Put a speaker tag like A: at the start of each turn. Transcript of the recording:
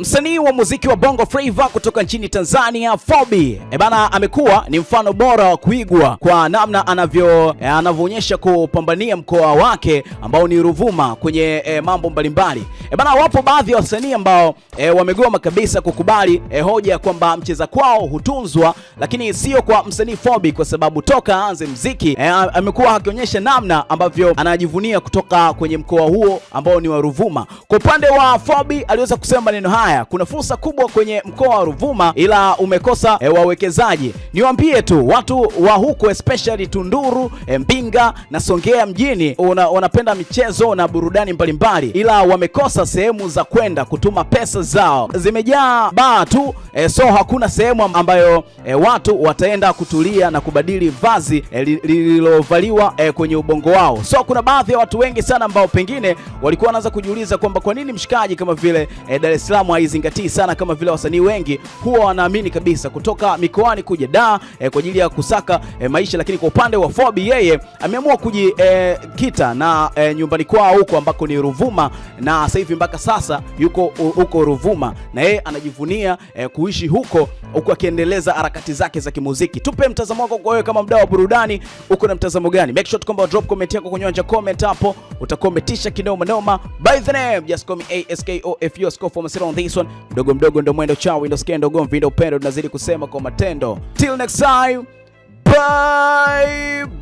A: Msanii wa muziki wa Bongo Flava kutoka nchini Tanzania Fobi, ebana, eh, amekuwa ni mfano bora wa kuigwa kwa namna anavyo eh, anavyoonyesha kupambania mkoa wake ambao ni Ruvuma kwenye e, mambo mbalimbali. Ebana, wapo baadhi ya wasanii ambao e, wamegoma kabisa kukubali e, hoja ya kwamba mcheza kwao hutunzwa, lakini sio kwa msanii Fobi, kwa sababu toka aanze mziki e, amekuwa akionyesha namna ambavyo anajivunia kutoka kwenye mkoa huo ambao ni wa Ruvuma. Kwa upande wa Fobi aliweza kusema maneno haya Ulaya. Kuna fursa kubwa kwenye mkoa wa Ruvuma, ila umekosa e, wawekezaji. Niwaambie tu watu wa huko especially Tunduru, e, Mbinga na Songea mjini wanapenda michezo na burudani mbalimbali, ila wamekosa sehemu za kwenda kutuma pesa zao, zimejaa baa tu e, so hakuna sehemu ambayo e, watu wataenda kutulia na kubadili vazi e, lililovaliwa e, kwenye ubongo wao. So kuna baadhi ya watu wengi sana ambao pengine walikuwa wanaanza kujiuliza kwamba kwa nini mshikaji kama vile e, Dar es Salaam haizingatii sana kama vile wasanii wengi huwa wanaamini kabisa kutoka mikoani kuja da eh, kwa ajili ya kusaka eh, maisha, lakini kwa upande wa Fobi yeye ameamua kujikita eh, na eh, nyumbani kwao huko ambako ni Ruvuma, na sasa hivi mpaka sasa yuko huko Ruvuma na yeye anajivunia eh, kuishi huko huku akiendeleza harakati zake za kimuziki. Tupe mtazamo wako kwa wewe kama mdau wa burudani, uko na mtazamo gani? Make sure kwamba drop comment yako kwenye uwanja comment hapo, utakometisha kinoma noma. By the name just call me ASKOFU score for this one. Mdogo mdogo ndo mwendo chao, ndo skendo gomvi, ndo upendo tunazidi kusema kwa matendo. Till next time, bye.